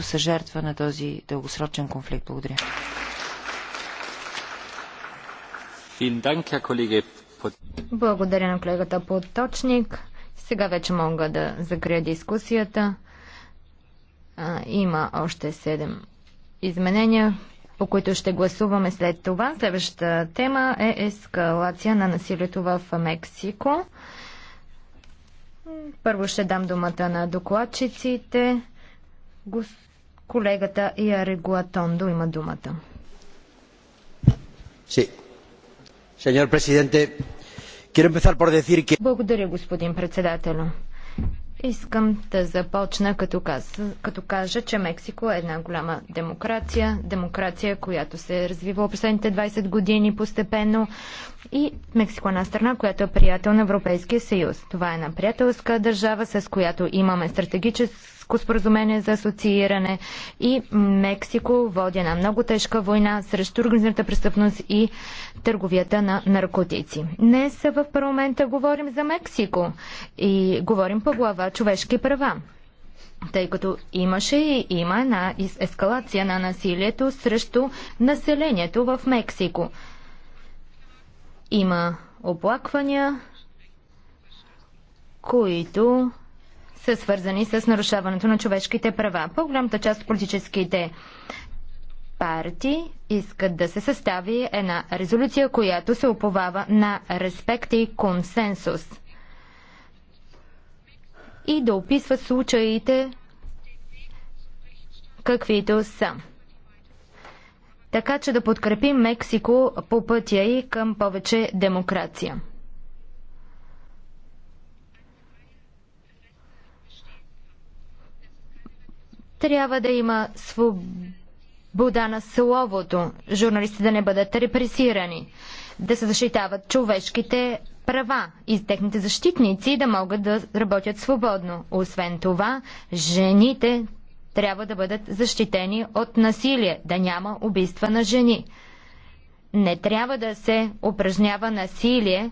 които са жертва на този дългосрочен конфликт. Благодаря. Благодаря на колегата Поточник. Сега вече мога да закрия дискусията. има още 7 изменения, по които ще гласуваме след това. Следващата тема е ескалация на насилието в Мексико. Първо ще дам думата на докладчиците. Гос... Колегата Ярегуа Тондо има думата. Sí. Señor presidente, quiero empezar por decir que... Благодаря, господин председател. Искам да започна като, каз, като кажа, че Мексико е една голяма демокрация, демокрация, която се е развива в последните 20 години постепенно. И Мексико е една страна, която е приятел на Европейския съюз. Това е една приятелска държава, с която имаме стратегическо споразумение за асоцииране. И Мексико води една много тежка война срещу организната престъпност и търговията на наркотици. Днес в парламента говорим за Мексико и говорим по глава човешки права тъй като имаше и има една ескалация на насилието срещу населението в Мексико. Има оплаквания, които са свързани с нарушаването на човешките права. По-голямата част от политическите партии искат да се състави една резолюция, която се оповава на респект и консенсус и да описва случаите, каквито са така че да подкрепим Мексико по пътя и към повече демокрация. Трябва да има свобода на словото, журналисти да не бъдат репресирани, да се защитават човешките права и техните защитници да могат да работят свободно. Освен това, жените трябва да бъдат защитени от насилие, да няма убийства на жени. Не трябва да се упражнява насилие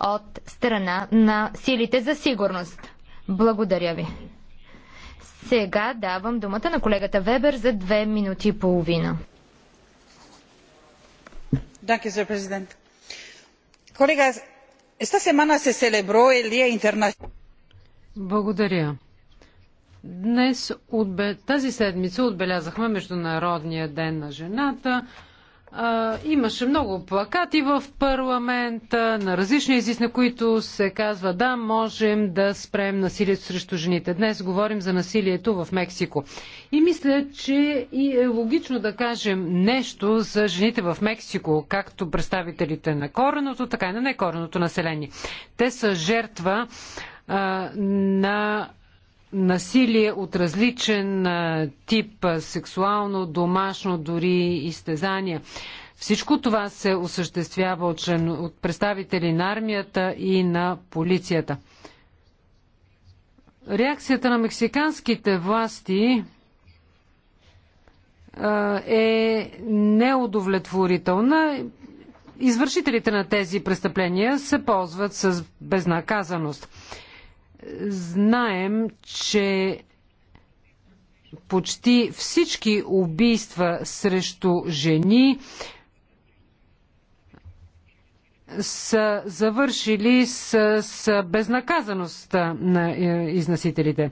от страна на силите за сигурност. Благодаря ви. Сега давам думата на колегата Вебер за две минути и половина. Gracias, президент. Колега, esta semana се celebró el Día Internacional. Благодаря. Днес, отбе... тази седмица отбелязахме Международния ден на жената. А, имаше много плакати в парламента на различни езици, на които се казва да, можем да спрем насилието срещу жените. Днес говорим за насилието в Мексико. И мисля, че и е логично да кажем нещо за жените в Мексико, както представителите на кореното, така и на некореното население. Те са жертва а, на насилие от различен тип, сексуално, домашно, дори изтезания. Всичко това се осъществява от, член, от представители на армията и на полицията. Реакцията на мексиканските власти е неудовлетворителна. Извършителите на тези престъпления се ползват с безнаказаност знаем, че почти всички убийства срещу жени са завършили с, с безнаказаност на е, изнасителите.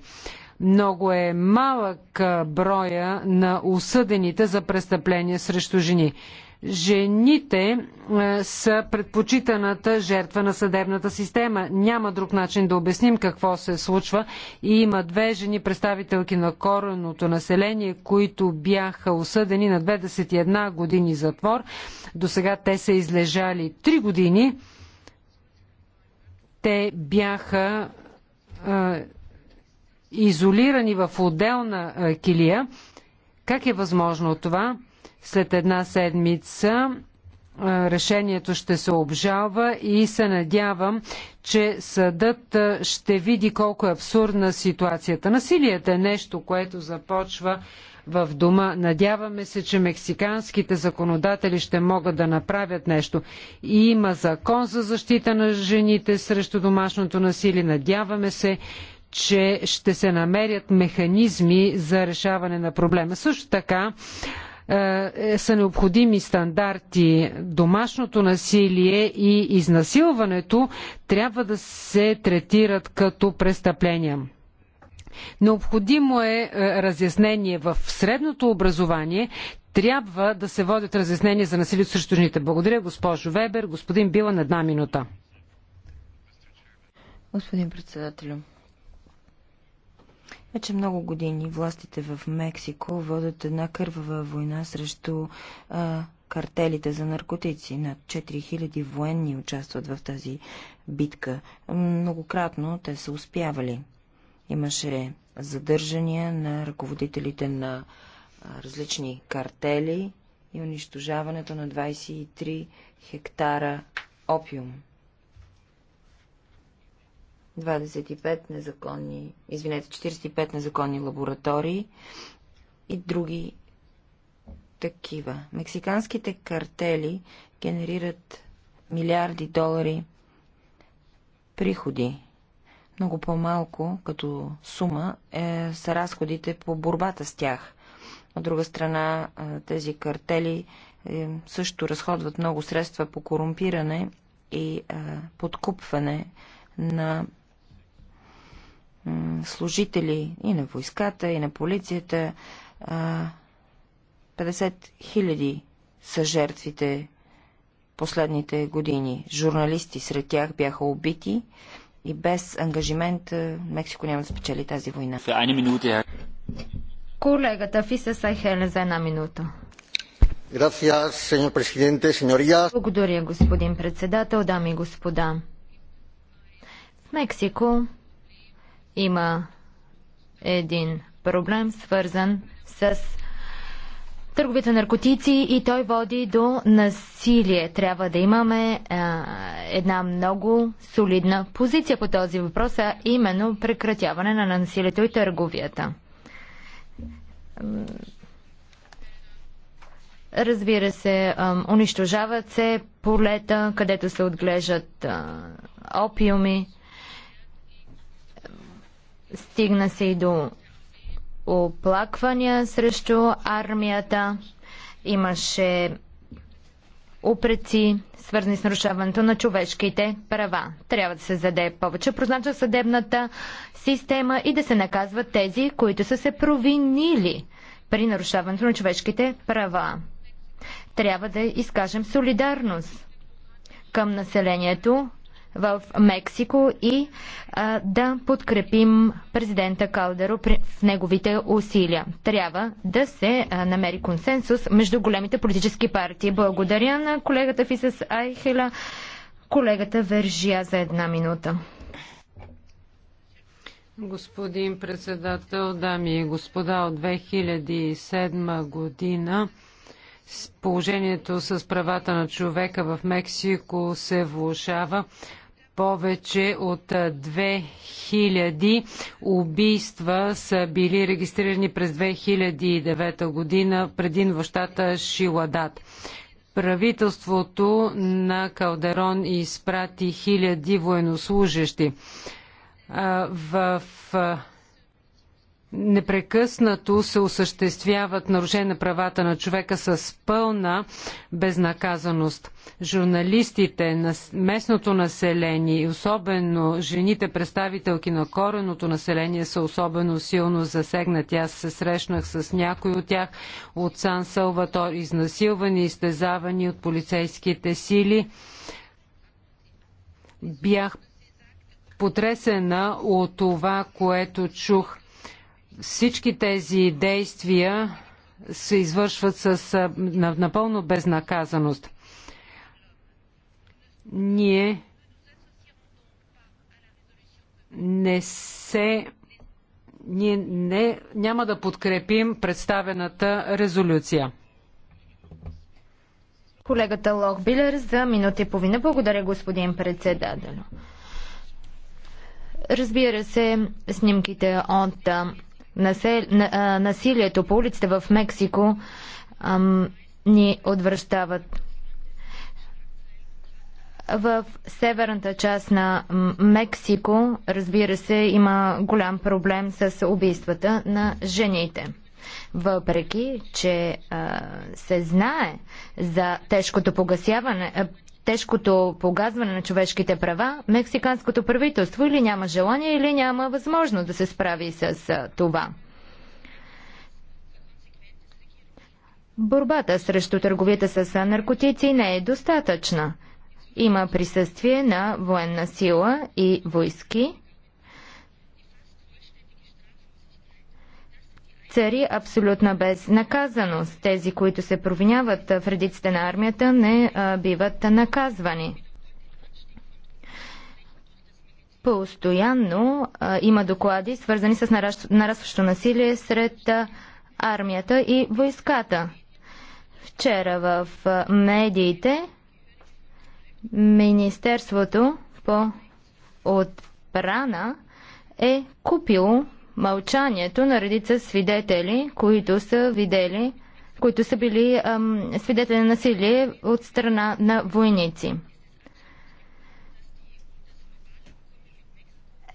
Много е малък броя на осъдените за престъпления срещу жени. Жените е, са предпочитаната жертва на съдебната система. Няма друг начин да обясним какво се случва. И има две жени представителки на коренното население, които бяха осъдени на 21 години затвор. До сега те са излежали 3 години. Те бяха е, изолирани в отделна е, килия. Как е възможно това? След една седмица решението ще се обжалва и се надявам, че съдът ще види колко е абсурдна ситуацията. Насилието е нещо, което започва в дома. Надяваме се, че мексиканските законодатели ще могат да направят нещо. И има закон за защита на жените срещу домашното насилие. Надяваме се, че ще се намерят механизми за решаване на проблема. Също така, е, е, са необходими стандарти. Домашното насилие и изнасилването трябва да се третират като престъпления. Необходимо е, е разяснение в средното образование. Трябва да се водят разяснения за насилието срещу жените. Благодаря, госпожо Вебер. Господин Билан, една минута. Господин председателю, вече много години властите в Мексико водят една кървава война срещу а, картелите за наркотици. Над 4000 военни участват в тази битка. Многократно те са успявали. Имаше задържания на ръководителите на различни картели и унищожаването на 23 хектара опиум. 25 незаконни, извинете, 45 незаконни лаборатории и други такива. Мексиканските картели генерират милиарди долари приходи. Много по-малко като сума е, са разходите по борбата с тях. От друга страна, тези картели е, също разходват много средства по корумпиране и е, подкупване на служители и на войската, и на полицията. 50 хиляди са жертвите последните години. Журналисти сред тях бяха убити и без ангажимент Мексико няма да спечели тази война. Колегата Фиса Сайхеле за една минута. Благодаря, господин председател, дами и господа. В Мексико има един проблем, свързан с търговите наркотици и той води до насилие. Трябва да имаме а, една много солидна позиция по този въпрос, а именно прекратяване на насилието и търговията. Разбира се, унищожават се полета, където се отглеждат опиуми. Стигна се и до оплаквания срещу армията. Имаше упреци, свързани с нарушаването на човешките права. Трябва да се заде повече прознача съдебната система и да се наказват тези, които са се провинили при нарушаването на човешките права. Трябва да изкажем солидарност към населението в Мексико и а, да подкрепим президента Калдеро в неговите усилия. Трябва да се а, намери консенсус между големите политически партии. Благодаря на колегата Фисес Айхела, колегата Вержия за една минута. Господин председател, дами и господа, от 2007 година положението с правата на човека в Мексико се влушава повече от 2000 убийства са били регистрирани през 2009 година, предин в щата Шиладат. Правителството на Калдерон изпрати хиляди военнослужащи. В непрекъснато се осъществяват нарушения на правата на човека с пълна безнаказаност. Журналистите на местното население и особено жените представителки на кореното население са особено силно засегнати. Аз се срещнах с някои от тях от Сан Салватор, изнасилвани, изтезавани от полицейските сили. Бях потресена от това, което чух – всички тези действия се извършват с напълно безнаказаност. Ние не се ние не, няма да подкрепим представената резолюция. Колегата Лохбилер за минута и половина. Благодаря, господин председател. Разбира се, снимките от насилието по улиците в Мексико ам, ни отвръщават. В северната част на Мексико, разбира се, има голям проблем с убийствата на жените. Въпреки, че а, се знае за тежкото погасяване, тежкото погазване на човешките права, мексиканското правителство или няма желание, или няма възможност да се справи с това. Борбата срещу търговията с наркотици не е достатъчна. Има присъствие на военна сила и войски. цари абсолютна безнаказаност. Тези, които се провиняват в редиците на армията, не а, биват наказвани. Постоянно а, има доклади, свързани с нарастващо насилие сред а, армията и войската. Вчера в а, медиите Министерството по отбрана е купило мълчанието на редица свидетели, които са видели, които са били ам, свидетели на насилие от страна на войници.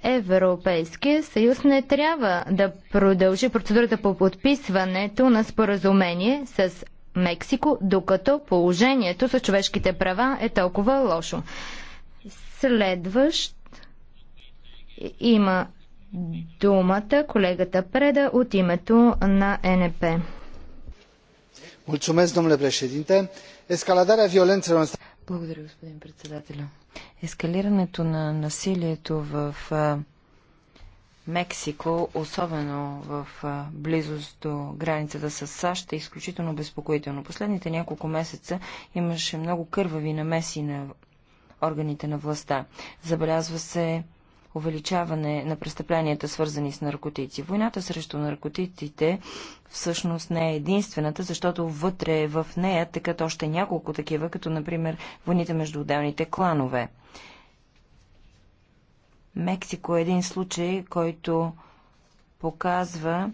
Европейския съюз не трябва да продължи процедурата по подписването на споразумение с Мексико, докато положението с човешките права е толкова лошо. Следващ има думата колегата Преда от името на НП. Mulțumesc, domnule președinte. Escaladarea violențelor Благодаря, господин председател. Ескалирането на насилието в Мексико, особено в близост до границата с САЩ, е изключително безпокоително. Последните няколко месеца имаше много кървави намеси на органите на властта. Забелязва се увеличаване на престъпленията, свързани с наркотици. Войната срещу наркотиците всъщност не е единствената, защото вътре в нея текат още няколко такива, като например войните между отделните кланове. Мексико е един случай, който показва,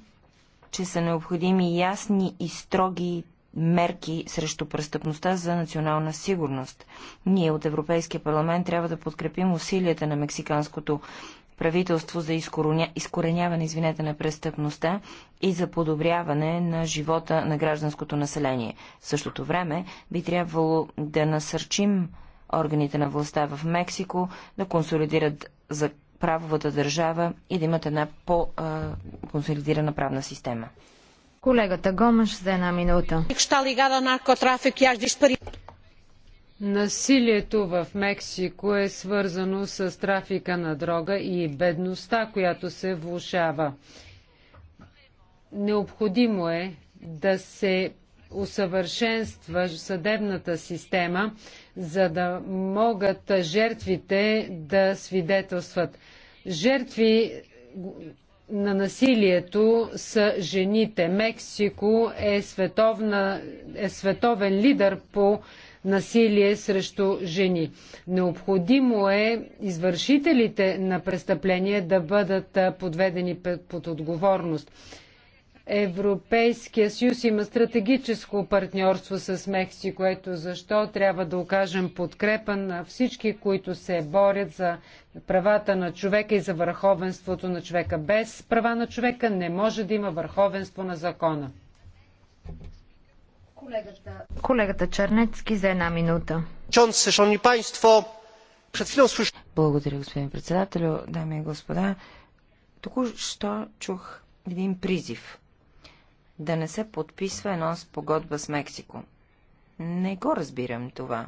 че са необходими ясни и строги мерки срещу престъпността за национална сигурност. Ние от Европейския парламент трябва да подкрепим усилията на мексиканското правителство за изкореня... изкореняване извинете, на престъпността и за подобряване на живота на гражданското население. В същото време би трябвало да насърчим органите на властта в Мексико да консолидират за правовата държава и да имат една по-консолидирана правна система. Колегата Гомаш за една минута. Насилието в Мексико е свързано с трафика на дрога и бедността, която се влушава. Необходимо е да се усъвършенства съдебната система, за да могат жертвите да свидетелстват. Жертви на насилието са жените. Мексико е, световна, е световен лидер по насилие срещу жени. Необходимо е извършителите на престъпления да бъдат подведени под отговорност. Европейския съюз има стратегическо партньорство с Мексико, ето защо трябва да окажем подкрепа на всички, които се борят за правата на човека и за върховенството на човека. Без права на човека не може да има върховенство на закона. Колегата, Колегата Чернецки за една минута. Благодаря, господин председател, Дами и господа, току-що чух един призив – да не се подписва едно спогодба с Мексико. Не го разбирам това.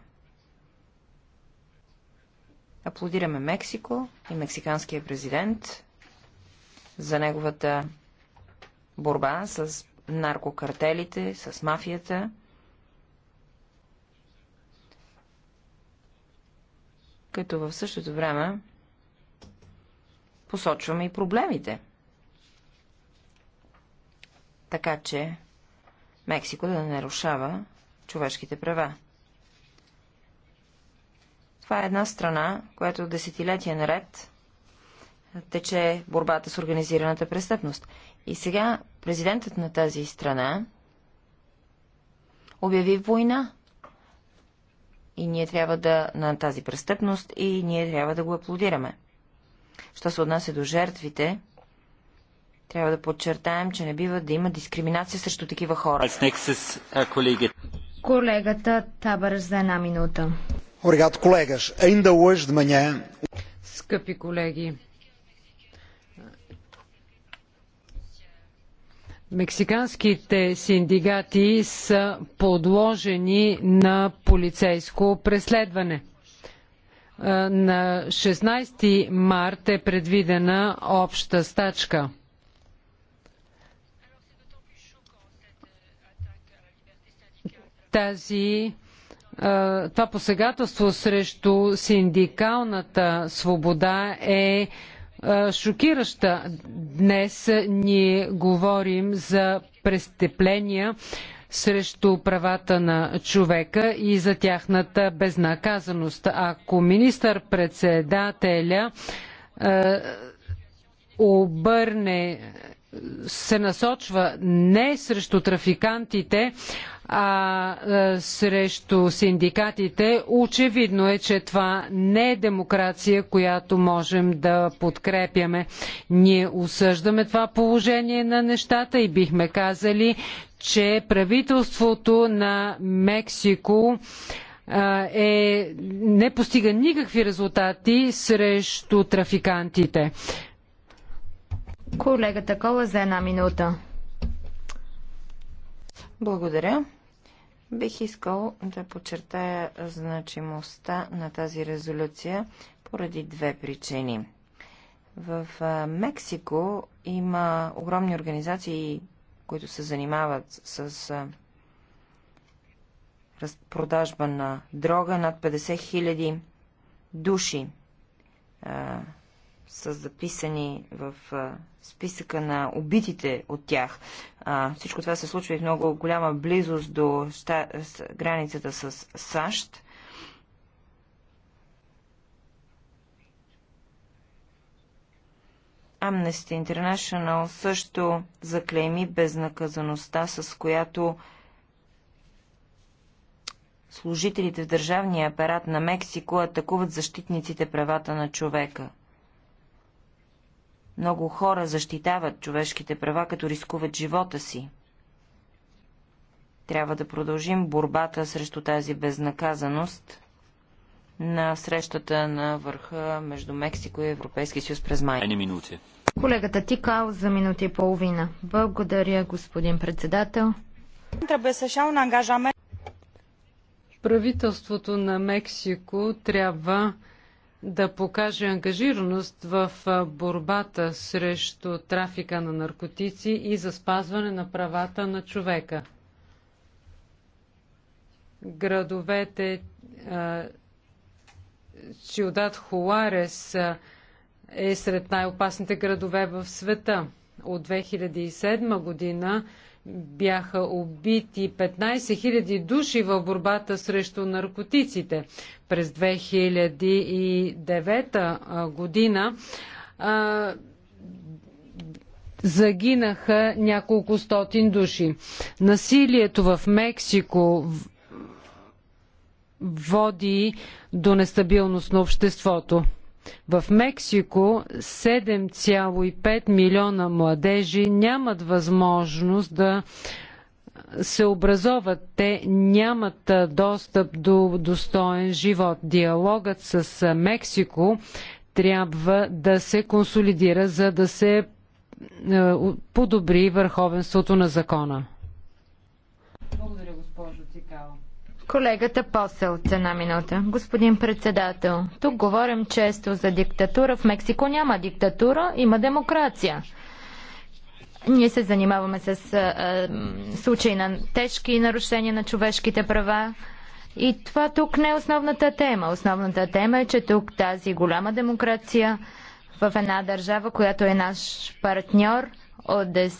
Аплодираме Мексико и мексиканския президент за неговата борба с наркокартелите, с мафията. Като в същото време посочваме и проблемите – така че Мексико да не нарушава човешките права. Това е една страна, която десетилетия наред тече борбата с организираната престъпност. И сега президентът на тази страна обяви война. И ние трябва да на тази престъпност и ние трябва да го аплодираме. Що се отнася до жертвите, трябва да подчертаем, че не бива да има дискриминация срещу такива хора. Е, Колегата Табър за една минута. Obrigado, колегаш, Ainda hoje de manhã... Скъпи колеги, мексиканските синдигати са подложени на полицейско преследване. Е, на 16 март е предвидена обща стачка. тази това посегателство срещу синдикалната свобода е шокираща. Днес ние говорим за престъпления срещу правата на човека и за тяхната безнаказаност. Ако министър-председателя обърне се насочва не срещу трафикантите, а срещу синдикатите, очевидно е, че това не е демокрация, която можем да подкрепяме. Ние осъждаме това положение на нещата и бихме казали, че правителството на Мексико е, не постига никакви резултати срещу трафикантите. Колегата Кола за една минута. Благодаря. Бих искал да подчертая значимостта на тази резолюция поради две причини. В Мексико има огромни организации, които се занимават с продажба на дрога над 50 000 души са записани в списъка на убитите от тях. Всичко това се случва и в много голяма близост до границата с САЩ. Amnesty International също заклейми безнаказаността, с която служителите в държавния апарат на Мексико атакуват защитниците правата на човека – много хора защитават човешките права, като рискуват живота си. Трябва да продължим борбата срещу тази безнаказаност на срещата на върха между Мексико и Европейски съюз през май. минути. Колегата Тикал за минути и половина. Благодаря, господин председател. Правителството на Мексико трябва да покаже ангажираност в борбата срещу трафика на наркотици и за спазване на правата на човека. Градовете Чиодат Хуарес е сред най-опасните градове в света. От 2007 година бяха убити 15 000 души в борбата срещу наркотиците. През 2009 година а, загинаха няколко стотин души. Насилието в Мексико води до нестабилност на обществото. В Мексико 7,5 милиона младежи нямат възможност да се образоват. Те нямат достъп до достоен живот. Диалогът с Мексико трябва да се консолидира, за да се подобри върховенството на закона. Колегата Посел, една минута. Господин председател, тук говорим често за диктатура. В Мексико няма диктатура, има демокрация. Ние се занимаваме с а, случаи на тежки нарушения на човешките права. И това тук не е основната тема. Основната тема е, че тук тази голяма демокрация в една държава, която е наш партньор от 10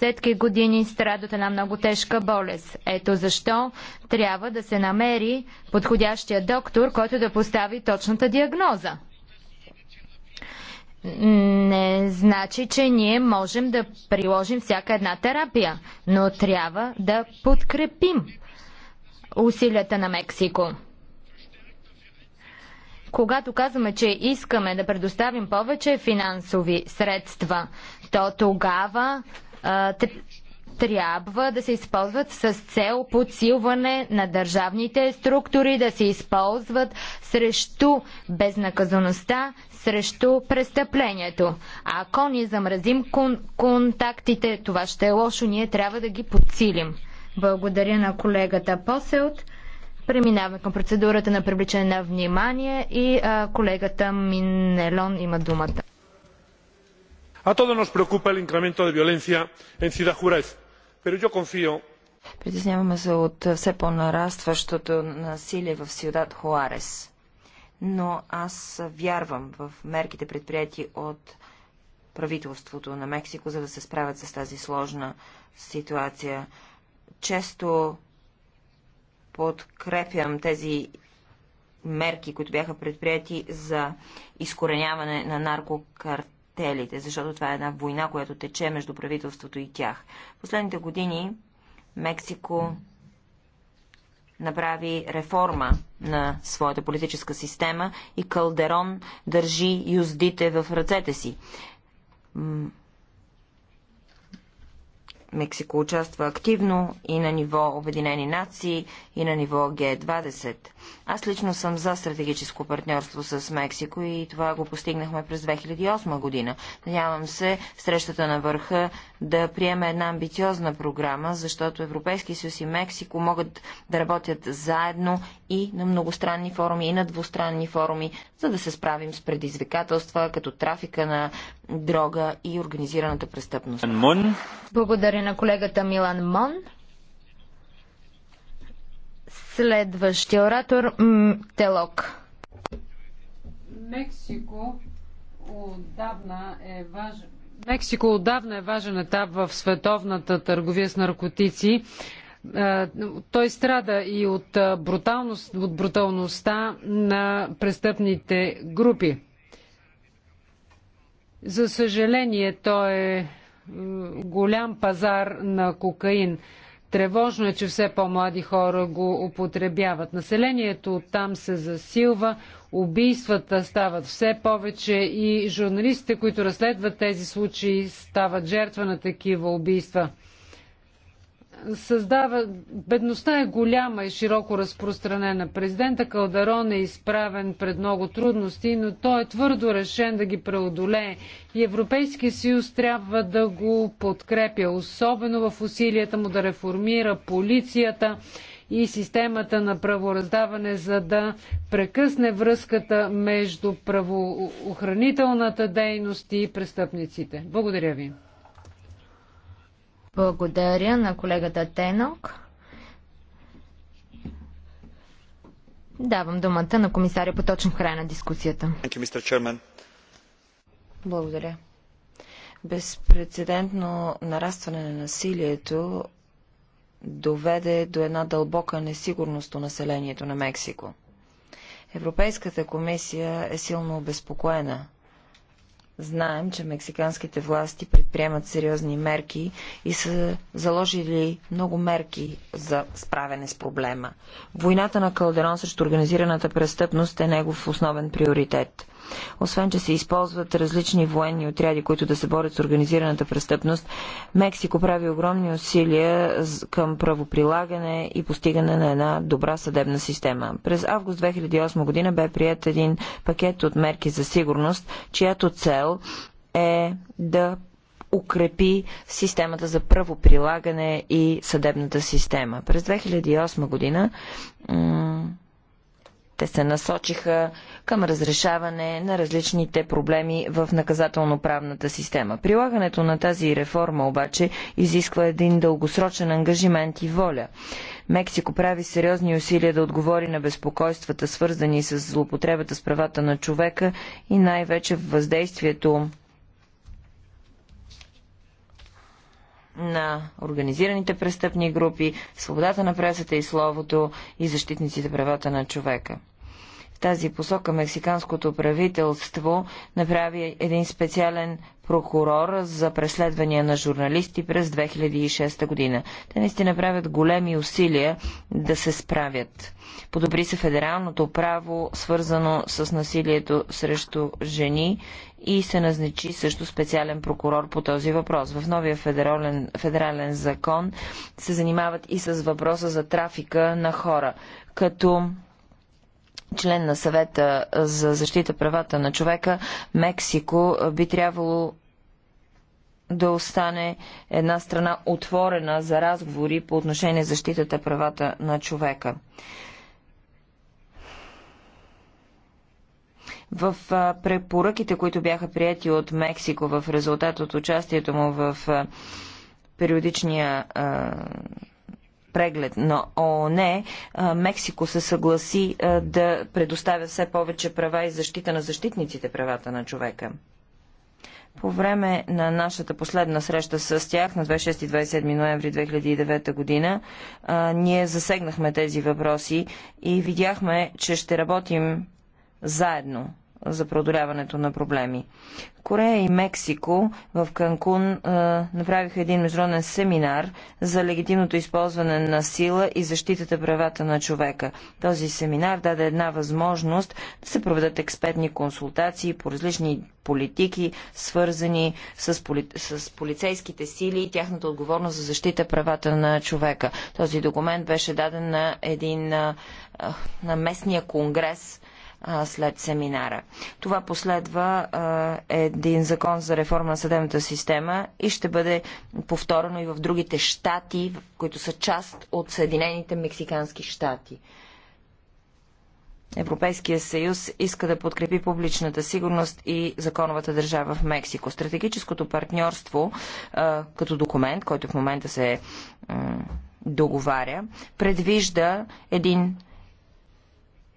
десетки години страда от една много тежка болест. Ето защо трябва да се намери подходящия доктор, който да постави точната диагноза. Не значи, че ние можем да приложим всяка една терапия, но трябва да подкрепим усилията на Мексико. Когато казваме, че искаме да предоставим повече финансови средства, то тогава трябва да се използват с цел подсилване на държавните структури, да се използват срещу безнаказаността, срещу престъплението. А ако ни замразим кон- контактите, това ще е лошо, ние трябва да ги подсилим. Благодаря на колегата Поселт. Преминаваме към процедурата на привличане на внимание и а, колегата Минелон има думата a todos nos preocupa el incremento de violencia en ciudad juárez pero yo confío Притесняваме се от все по-нарастващото насилие в Сюдат Хуарес. Но аз вярвам в мерките предприяти от правителството на Мексико, за да се справят с тази сложна ситуация. Често подкрепям тези мерки, които бяха предприяти за изкореняване на наркокартелите картелите, защото това е една война, която тече между правителството и тях. Последните години Мексико направи реформа на своята политическа система и Калдерон държи юздите в ръцете си. Мексико участва активно и на ниво Обединени нации, и на ниво Г-20. Аз лично съм за стратегическо партньорство с Мексико и това го постигнахме през 2008 година. Надявам се срещата на върха да приеме една амбициозна програма, защото Европейски съюз и Мексико могат да работят заедно и на многостранни форуми, и на двустранни форуми, за да се справим с предизвикателства, като трафика на дрога и организираната престъпност. Благодаря на колегата Милан Мон. Следващия оратор Телок. Мексико отдавна е важен. Мексико отдавна е важен етап в световната търговия с наркотици. Е, той страда и от, е, бруталност, от бруталността на престъпните групи. За съжаление, той е голям пазар на кокаин. Тревожно е, че все по-млади хора го употребяват. Населението там се засилва, убийствата стават все повече и журналистите, които разследват тези случаи, стават жертва на такива убийства създава... Бедността е голяма и широко разпространена. Президента Калдарон е изправен пред много трудности, но той е твърдо решен да ги преодолее. И Европейския съюз трябва да го подкрепя, особено в усилията му да реформира полицията и системата на правораздаване, за да прекъсне връзката между правоохранителната дейност и престъпниците. Благодаря ви. Благодаря на колегата Тенок. Давам думата на комисаря по точно края на дискусията. Благодаря. Безпредседентно нарастване на насилието доведе до една дълбока несигурност у населението на Мексико. Европейската комисия е силно обезпокоена – Знаем, че мексиканските власти предприемат сериозни мерки и са заложили много мерки за справяне с проблема. Войната на Калдерон срещу организираната престъпност е негов основен приоритет. Освен, че се използват различни военни отряди, които да се борят с организираната престъпност, Мексико прави огромни усилия към правоприлагане и постигане на една добра съдебна система. През август 2008 година бе прият един пакет от мерки за сигурност, чиято цел е да укрепи системата за правоприлагане и съдебната система. През 2008 година те се насочиха към разрешаване на различните проблеми в наказателно-правната система. Прилагането на тази реформа обаче изисква един дългосрочен ангажимент и воля. Мексико прави сериозни усилия да отговори на безпокойствата, свързани с злоупотребата с правата на човека и най-вече в въздействието на организираните престъпни групи, свободата на пресата и словото и защитниците правата на човека тази посока мексиканското правителство направи един специален прокурор за преследвания на журналисти през 2006 година. Те наистина правят големи усилия да се справят. Подобри се федералното право, свързано с насилието срещу жени и се назначи също специален прокурор по този въпрос. В новия федерален, федерален закон се занимават и с въпроса за трафика на хора, като член на съвета за защита правата на човека, Мексико би трябвало да остане една страна отворена за разговори по отношение защитата правата на човека. В препоръките, които бяха прияти от Мексико в резултат от участието му в периодичния преглед на ООН, Мексико се съгласи да предоставя все повече права и защита на защитниците правата на човека. По време на нашата последна среща с тях на 26 и 27 ноември 2009 година, а, ние засегнахме тези въпроси и видяхме, че ще работим заедно за преодоляването на проблеми. Корея и Мексико в Канкун а, е, направиха един международен семинар за легитимното използване на сила и защитата правата на човека. Този семинар даде една възможност да се проведат експертни консултации по различни политики, свързани с, поли... с полицейските сили и тяхната отговорност за защита правата на човека. Този документ беше даден на един е, на местния конгрес а, след семинара. Това последва а, един закон за реформа на съдебната система и ще бъде повторено и в другите щати, които са част от Съединените Мексикански щати. Европейския съюз иска да подкрепи публичната сигурност и законовата държава в Мексико. Стратегическото партньорство като документ, който в момента се договаря, предвижда един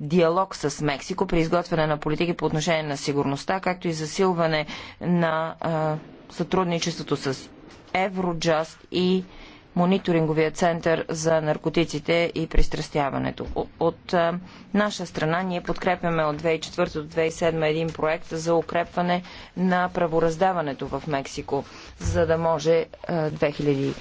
диалог с Мексико при изготвяне на политики по отношение на сигурността, както и засилване на а, сътрудничеството с Евроджаст и мониторинговия център за наркотиците и пристрастяването. От, а, наша страна ние подкрепяме от 2004 до 2007 един проект за укрепване на правораздаването в Мексико, за да може а, 2000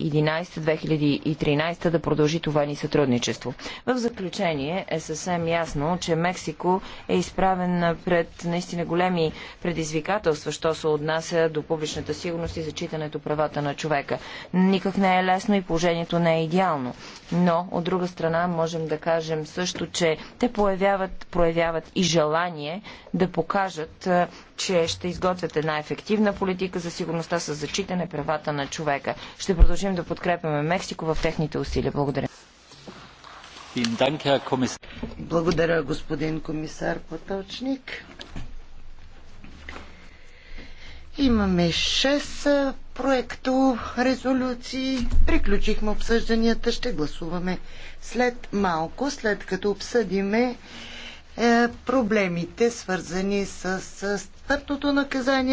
2011-2013 да продължи това ни сътрудничество. В заключение е съвсем ясно, че Мексико е изправен пред наистина големи предизвикателства, що се отнася до публичната сигурност и зачитането правата на човека. Никак не е лесно и положението не е идеално. Но, от друга страна, можем да кажем също, че те появяват, проявяват и желание да покажат че ще изготвят една ефективна политика за сигурността с зачитане правата на човека. Ще продължим да подкрепяме Мексико в техните усилия. Благодаря. Благодаря, господин комисар Поточник. Имаме 6 проекто резолюции. Приключихме обсъжданията. Ще гласуваме след малко, след като обсъдиме е, проблемите, свързани с смъртното наказание